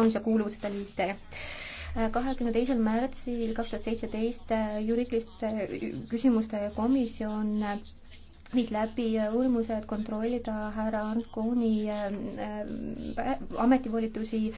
Organisatsioonid ja Kuuluvuseta Liit kahekümne teisel märtsil kaks tuhat seitseteist juriidiliste küsimuste komisjon viis läbi uurimused kontrollida härra Ankooni äh, äh, ametipolitusi